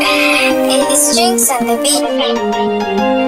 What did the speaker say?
the Strings on the beat.